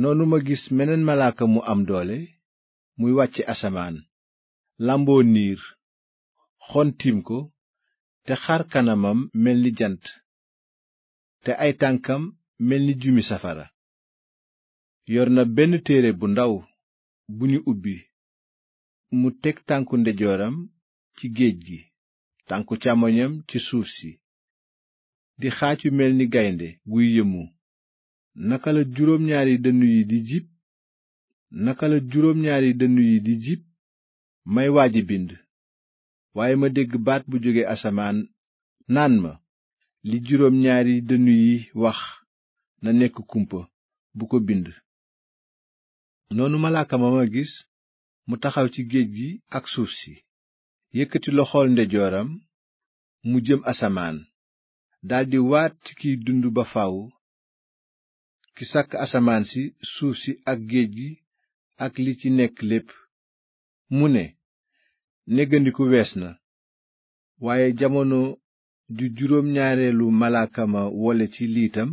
noonu ma gis meneen malaaka mu am doole muy wàcce asamaan làmboo niir xontiim ko te xar kanamam mel ni jant te ay tànkam mel ni jumi safara yor na benn téere bu ndaw bu ñu ubbi mu teg tànku ndejooram ci géej gi tànku càmmoñam ci suuf si di xaacu mel ni gaynde guy yëmu naka la juróom ñaari dënnu yi di jib naka la juróom ñaari dënnu yi di jib may waaj bind waaye ma dégg baat bu jóge asamaan naan ma li juróom ñaari dënnu yi wax na nekk kumpa bu ko bind noonu malaaka ma gis mu taxaw ci géej gi ak suuf si yëkkati loxool ndejooram mu jëm asamaan daldi waat kiy dund ba faw ki sàkk asamaan si suuf si ak géej gi ak li ci nekk lépp mu ne néggandiku wees na waaye jamono ju juróom ñaareelu malaaka ma wole ci liitam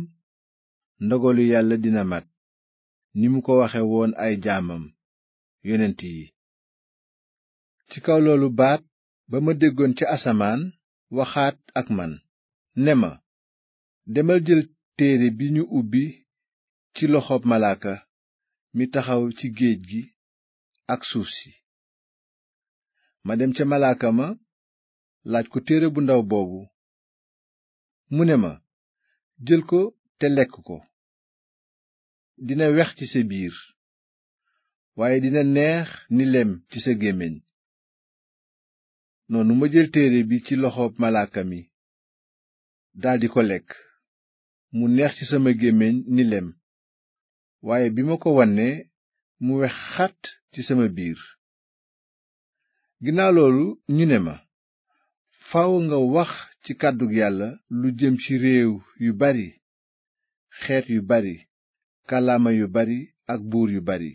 ndogalu yàlla dina mat ni mu ko waxe woon ay jaamam yonent yi ci kaw loolu baat déggoon ca asamaan waxaat ak man ubbi ci loxoob malaaka mi taxaw ci géej gi ak suuf si ma dem ca malaaka ma laaj ko téere bu ndaw boobu mu ne ma jël ko te lekk ko dina wex ci sa biir waaye dina neex ni lem ci sa gémmiñ noonu ma jël téere bi ci loxoob malaaka mi daldi ko lekk mu neex ci sama gémmiñ ni lem waaye bi ma ko wannee mu wex xat ci sama biir ginnaaw loolu ñu ne ma faw nga wax ci kàddug yàlla lu jëm ci réew yu bari xeet yu bari kàllaama yu bari ak buur yu bari